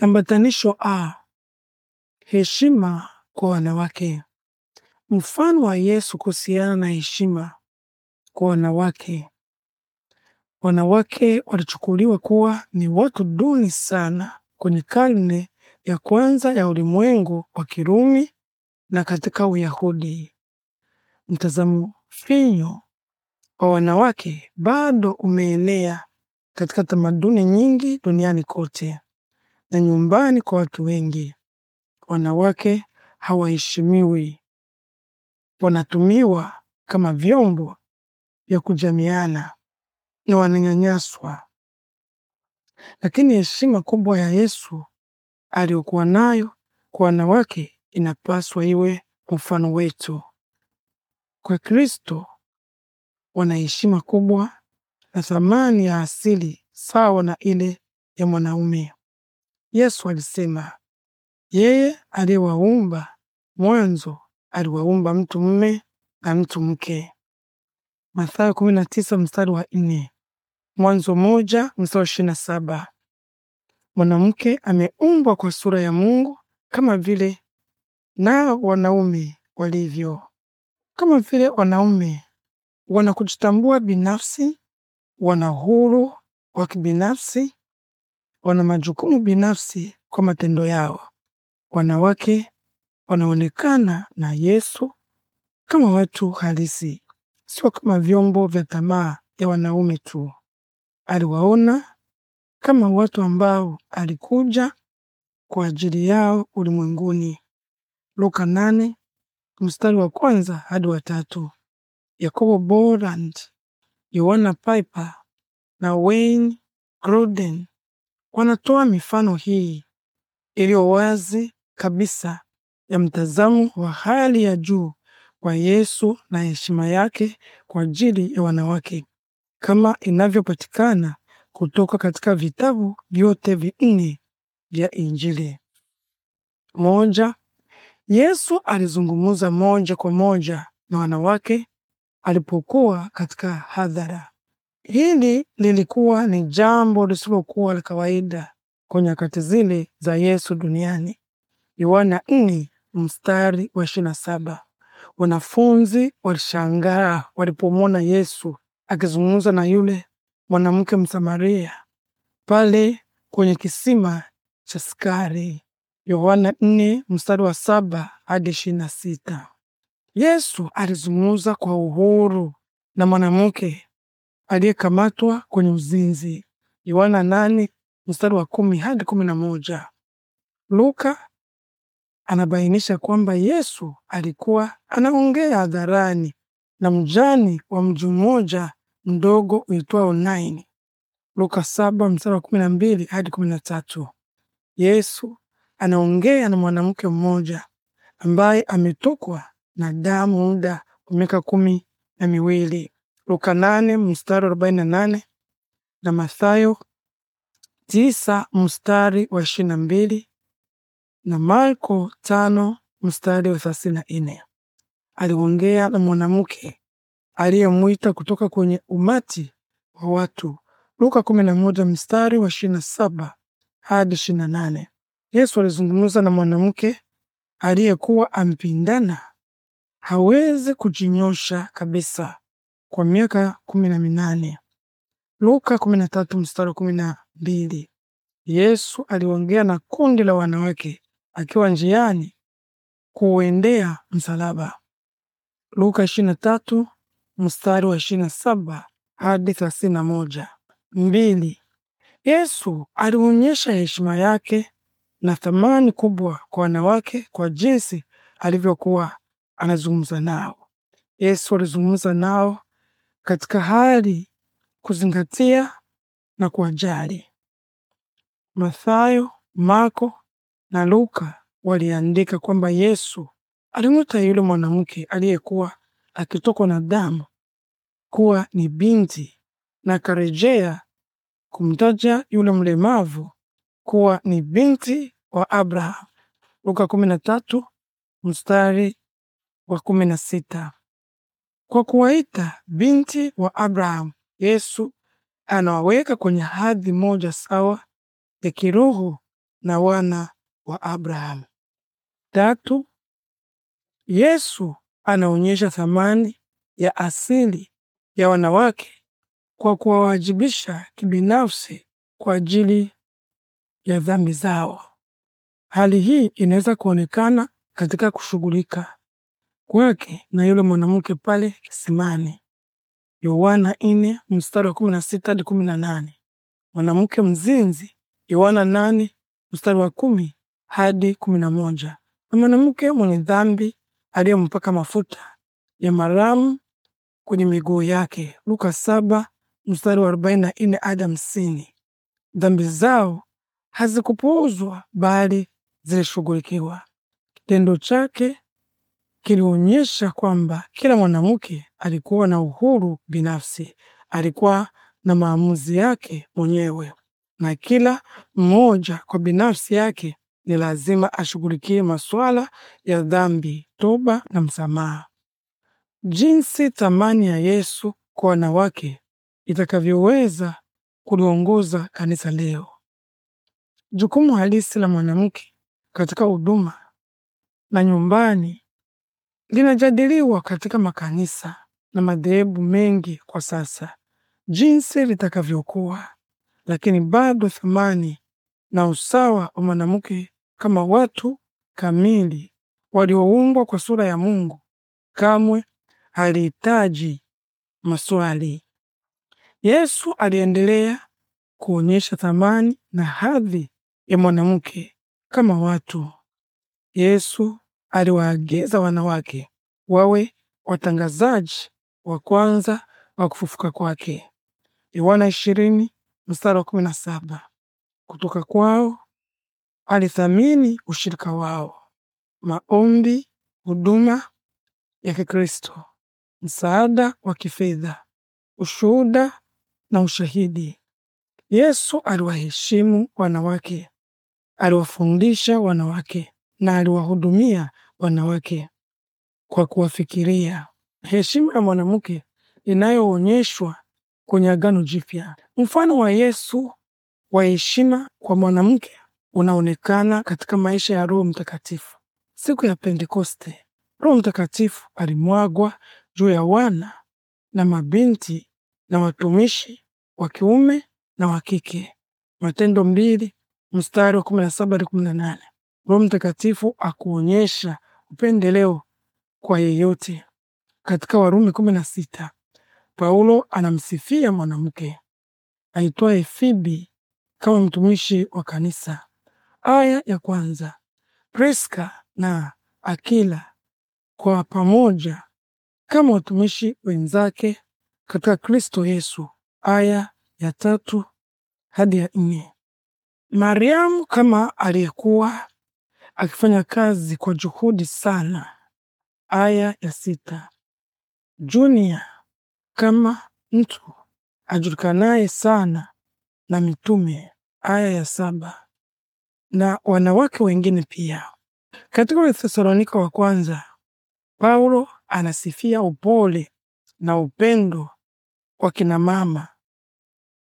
Ambatanisho a heshima kwa wanawake. Mfano wa Yesu kuhusiana na heshima kwa wanawake. Wanawake walichukuliwa kuwa ni watu duni sana kwenye karne ya kwanza ya ulimwengu wa Kirumi na katika Uyahudi. Mtazamo finyo wa wanawake bado umeenea katika tamaduni nyingi duniani kote na nyumbani kwa watu wengi. Wanawake hawaheshimiwi, wanatumiwa kama vyombo vya kujamiana na wananyanyaswa. Lakini heshima kubwa ya Yesu aliyokuwa nayo kwa wanawake inapaswa iwe mfano wetu. Kwa Kristo wana heshima kubwa na thamani ya asili sawa na ile ya mwanaume. Yesu alisema yeye aliwaumba mwanzo aliwaumba mtu mume na mtu mke, Mathayo 19 mstari wa 4, Mwanzo moja mstari wa saba. Mwanamke ameumbwa kwa sura ya Mungu kama vile na wanaume walivyo. Kama vile wanaume wana binafsi, wana uhuru wa kibinafsi wana majukumu binafsi kwa matendo yao. Wanawake wanaonekana na Yesu kama watu halisi, sio kama vyombo vya tamaa ya wanaume tu. Aliwaona kama watu ambao alikuja kwa ajili yao ulimwenguni. Luka nane mstari wa kwanza hadi wa tatu. Yakobo Borland, Yohana Piper na Wayne Gruden Wanatoa mifano hii iliyo wazi kabisa ya mtazamo wa hali ya juu kwa Yesu na heshima yake kwa ajili ya wanawake kama inavyopatikana kutoka katika vitabu vyote vinne vya Injili. Moja, Yesu alizungumza moja kwa moja na wanawake alipokuwa katika hadhara. Hili lilikuwa ni jambo lisilokuwa la kawaida kwa nyakati zile za Yesu duniani. Yohana 4 mstari wa 27. Wanafunzi walishangaa walipomwona Yesu akizungumza na yule mwanamke Msamaria pale kwenye kisima cha Sikari. Yohana 4 mstari wa saba hadi ishirini na sita. Yesu alizungumza kwa uhuru na mwanamke aliyekamatwa kwenye uzinzi, Yohana nane mstari wa kumi hadi kumi na moja. Luka anabainisha kwamba Yesu alikuwa anaongea hadharani na mjani wa mji mmoja mdogo uitwao Naini. Luka saba mstari wa kumi na mbili hadi kumi na tatu. Yesu anaongea na mwanamke mmoja ambaye ametokwa na damu muda wa miaka kumi na miwili. Luka nane mstari wa na nane na Mathayo tisa mstari wa ishirini na mbili na Marko tano mstari wa thelathini na Aliongea na mwanamke aliyemwita kutoka kwenye umati wa watu Luka kumi moja mstari wa ishirini saba hadi ishirini nane. Yesu alizungumza na mwanamke aliyekuwa ampindana hawezi kujinyosha kabisa kwa miaka kumi na minane. Luka kumi na tatu mstari kumi na mbili. Yesu aliongea na kundi la wanawake akiwa njiani kuuendea msalaba. Luka 23 mstari wa 27 hadi 31. Mbili, Yesu alionyesha heshima yake na thamani kubwa kwa wanawake kwa jinsi alivyokuwa anazungumza nao. Yesu alizungumza nao katika hali kuzingatia na kuwajali. Mathayo, Marko na Luka waliandika kwamba Yesu alimwita yule mwanamke aliyekuwa akitokwa na damu kuwa ni binti na akarejea kumtaja yule mlemavu kuwa ni binti wa Abrahamu. Luka 13 mstari wa 16. Kwa kuwaita binti wa Abrahamu, Yesu anawaweka kwenye hadhi moja sawa ya kiroho na wana wa Abrahamu. Tatu, Yesu anaonyesha thamani ya asili ya wanawake kwa kuwawajibisha kibinafsi kwa ajili ya dhambi zao. Hali hii inaweza kuonekana katika kushughulika kwake na yule mwanamke pale kisimani. Yohana 4 mstari wa 16 hadi 18. Mwanamke mzinzi Yohana nane mstari wa kumi hadi kumi na moja na mwanamke mwenye dhambi aliyempaka mafuta ya maramu kwenye miguu yake Luka saba mstari wa 44 na nne hadi hamsini. Dhambi zao hazikupuuzwa bali zilishughulikiwa. Kitendo chake kilionyesha kwamba kila mwanamke alikuwa na uhuru binafsi, alikuwa na maamuzi yake mwenyewe, na kila mmoja kwa binafsi yake ni lazima ashughulikie masuala ya dhambi, toba na msamaha. Jinsi thamani ya Yesu kwa wanawake itakavyoweza kuliongoza kanisa leo. Jukumu halisi la mwanamke katika huduma na nyumbani Linajadiliwa katika makanisa na madhehebu mengi kwa sasa jinsi litakavyokuwa, lakini bado thamani na usawa wa mwanamke kama watu kamili walioumbwa kwa sura ya Mungu kamwe halihitaji maswali. Yesu aliendelea kuonyesha thamani na hadhi ya mwanamke kama watu. Yesu aliwaagiza wanawake wawe watangazaji wa kwanza wa kufufuka kwake, Yohana 20 mstari wa 17. Kutoka kwao alithamini ushirika wao, maombi, huduma ya Kikristo, msaada wa kifedha, ushuhuda na ushahidi. Yesu aliwaheshimu wanawake, aliwafundisha wanawake na aliwahudumia wanawake kwa kuwafikiria. Heshima ya mwanamke inayoonyeshwa kwenye Agano Jipya, mfano wa Yesu wa heshima kwa mwanamke unaonekana katika maisha ya Roho Mtakatifu. Siku ya Pentekoste, Roho Mtakatifu alimwagwa juu ya wana na mabinti na watumishi wa kiume na wa kike. Matendo mbili mstari wa saba hadi nane. Roho Mtakatifu akuonyesha upendeleo kwa yeyote. Katika Warumi kumi na sita Paulo anamsifia mwanamke aitwaye Fibi kama mtumishi wa kanisa. Aya ya kwanza, Priska na Akila kwa pamoja kama watumishi wenzake katika Kristo Yesu. Aya ya tatu hadi ya nne. Mariamu kama aliyekuwa akifanya kazi kwa juhudi sana. Aya ya sita. Junia kama mtu ajulikanaye sana na mitume. Aya ya saba. Na wanawake wengine pia. Katika Wathesalonika wa kwanza, Paulo anasifia upole na upendo wa kina mama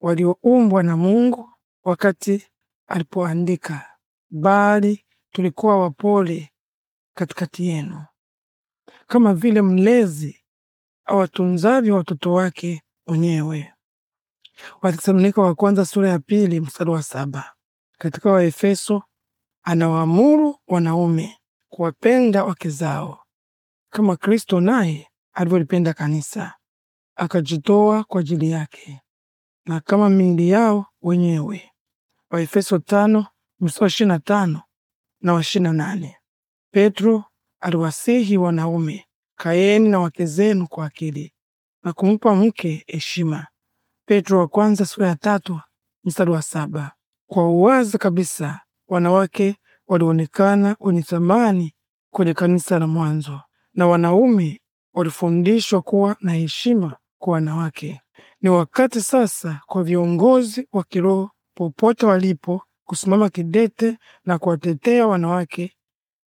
walioumbwa na Mungu wakati alipoandika, bali tulikuwa wapole katikati yenu, kama vile mlezi awatunzavyo watoto wake wenyewe. Wathesalonika wa kwanza sura ya pili mstari wa saba. Katika Waefeso anawaamuru wanaume kuwapenda wake zao kama Kristo naye alivyolipenda kanisa akajitoa kwa ajili yake na kama miili yao wenyewe. Waefeso tano mstari wa ishirini na tano na washirini na nane. Petro aliwasihi wanaume, kaeni na wake zenu kwa akili na kumpa mke heshima. Petro wa kwanza sura ya tatu mstari wa saba. Kwa uwazi kabisa wanawake walionekana wenye thamani kwenye kanisa la mwanzo, na wanaume walifundishwa kuwa na heshima kwa wanawake. Ni wakati sasa kwa viongozi wa kiroho popote walipo kusimama kidete na kuwatetea wanawake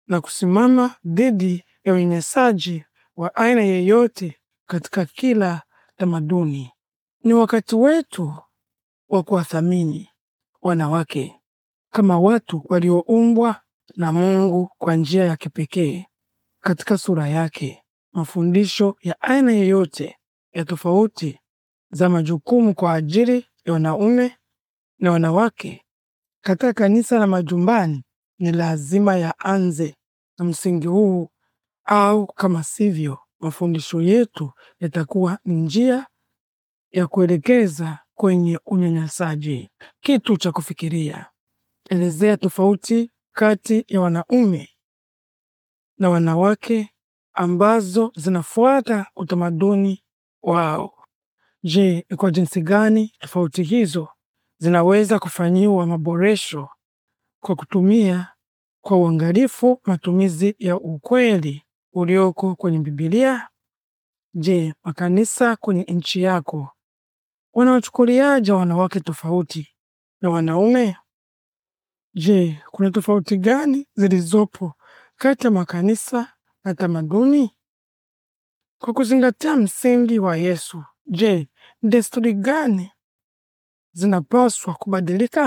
na kusimama dhidi ya unyanyasaji wa aina yeyote katika kila tamaduni. Ni wakati wetu wa kuwathamini wanawake kama watu walioumbwa na Mungu kwa njia ya kipekee katika sura yake. Mafundisho ya aina yeyote ya tofauti za majukumu kwa ajili ya wanaume na wanawake katika kanisa na majumbani ni lazima yaanze na msingi huu, au kama sivyo, mafundisho yetu yatakuwa njia ya kuelekeza kwenye unyanyasaji. Kitu cha kufikiria: elezea tofauti kati ya wanaume na wanawake ambazo zinafuata utamaduni wao. Je, ni kwa jinsi gani tofauti hizo zinaweza kufanyiwa maboresho kwa kutumia kwa uangalifu matumizi ya ukweli ulioko kwenye Biblia? Je, makanisa kwenye nchi yako wanawachukuliaje wanawake tofauti na wanaume? Je, kuna tofauti gani zilizopo kati ya makanisa na tamaduni? Kwa kuzingatia msingi wa Yesu, je, ni desturi gani zinapaswa kubadilika?